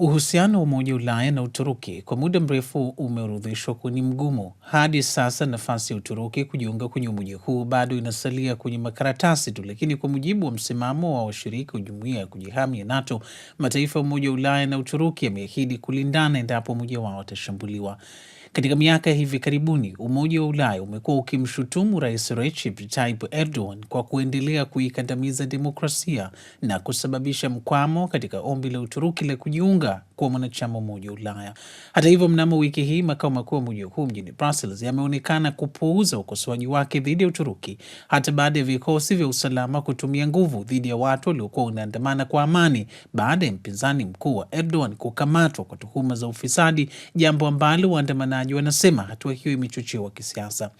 Uhusiano wa Umoja Ulaya na Uturuki kwa muda mrefu umeorodheshwa kwenye mgumo mgumu. Hadi sasa nafasi ya Uturuki kujiunga kwenye umoja huu bado inasalia kwenye makaratasi tu, lakini kwa mujibu wa msimamo wa washiriki wa jumuiya ya kujihami ya NATO, mataifa ya Umoja wa Ulaya na Uturuki yameahidi kulindana endapo mmoja wao atashambuliwa. Katika miaka ya hivi karibuni, Umoja wa Ulaya umekuwa ukimshutumu Rais Recep Tayyip Erdogan kwa kuendelea kuikandamiza demokrasia na kusababisha mkwamo katika ombi la Uturuki la kujiunga another kuwa mwanachama Umoja wa Ulaya. Hata hivyo, mnamo wiki hii makao makuu ya umoja huu mjini Brussels yameonekana kupuuza ukosoaji wake dhidi ya Uturuki hata baada ya vikosi vya usalama kutumia nguvu dhidi ya watu waliokuwa wanaandamana kwa amani baada ya mpinzani mkuu wa Erdogan kukamatwa kwa tuhuma za ufisadi, jambo ambalo waandamanaji wanasema hatua hiyo imechochewa kisiasa.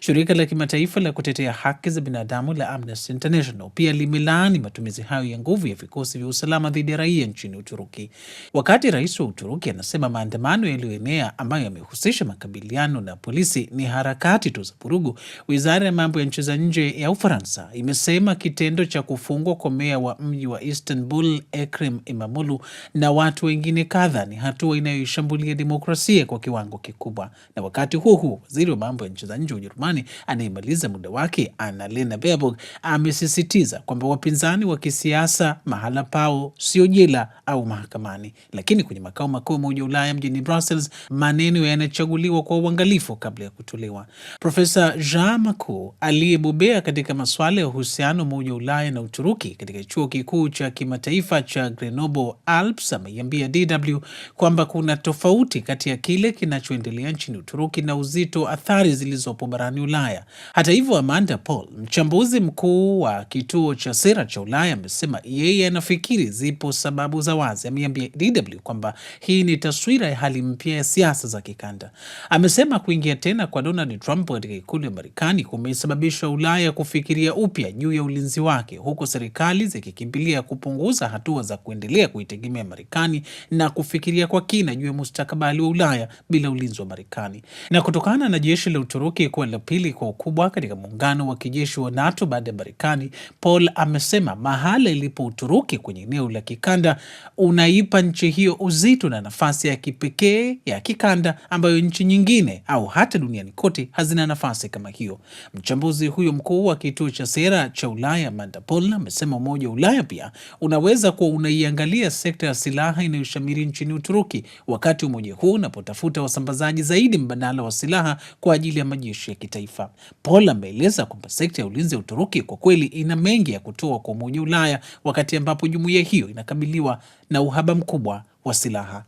Shirika la kimataifa la kutetea haki za binadamu la Amnesty International pia limelaani matumizi hayo ya nguvu ya vikosi vya usalama dhidi ya raia nchini Uturuki wakati Wakati rais wa Uturuki anasema maandamano yaliyoenea ambayo yamehusisha makabiliano na polisi ni harakati tu za vurugu, wizara ya mambo ya nchi za nje ya Ufaransa imesema kitendo cha kufungwa kwa meya wa mji wa Istanbul Ekrem Imamoglu na watu wengine kadha ni hatua inayoishambulia demokrasia kwa kiwango kikubwa. Na wakati huo huo, waziri wa mambo ya nchi za nje wa Ujerumani anayemaliza muda wake Annalena Baerbock amesisitiza kwamba wapinzani wa kisiasa mahala pao sio jela au mahakamani, lakini Kusini kwenye makao makuu ya Umoja wa Ulaya mjini Brussels, maneno yanachaguliwa kwa uangalifu kabla ya kutolewa. Profesa Jean Macu aliyebobea katika masuala ya uhusiano Umoja wa Ulaya na Uturuki katika chuo kikuu cha kimataifa cha Grenoble Alps ameiambia DW kwamba kuna tofauti kati ya kile kinachoendelea nchini Uturuki na uzito athari zilizopo barani Ulaya. Hata hivyo, Amanda Paul, mchambuzi mkuu wa kituo cha sera cha Ulaya, amesema yeye anafikiri zipo sababu za wazi. Ameiambia DW kwamba hii ni taswira ya hali mpya ya siasa za kikanda. Amesema kuingia tena kwa Donald Trump katika ikulu ya Marekani kumesababisha Ulaya kufikiria upya juu ya ulinzi wake, huku serikali zikikimbilia kupunguza hatua za kuendelea kuitegemea Marekani na kufikiria kwa kina juu ya mustakabali wa Ulaya bila ulinzi wa Marekani. Na kutokana na jeshi la Uturuki kuwa la pili kwa ukubwa katika muungano wa kijeshi wa NATO baada ya Marekani, Paul amesema mahala ilipo Uturuki kwenye eneo la kikanda unaipa nchi hiyo uzito na nafasi ya kipekee ya kikanda ambayo nchi nyingine au hata duniani kote hazina nafasi kama hiyo. Mchambuzi huyo mkuu wa kituo cha sera cha Ulaya Amanda amesema Umoja wa Ulaya pia unaweza kuwa unaiangalia sekta ya silaha inayoshamiri nchini Uturuki wakati umoja huu unapotafuta wasambazaji zaidi mbadala wa silaha kwa ajili ya majeshi ya kitaifa. Poll ameeleza kwamba sekta ya ulinzi ya Uturuki kwa kweli ina mengi ya kutoa kwa Umoja wa Ulaya wakati ambapo jumuiya hiyo inakabiliwa na uhaba mkubwa wa silaha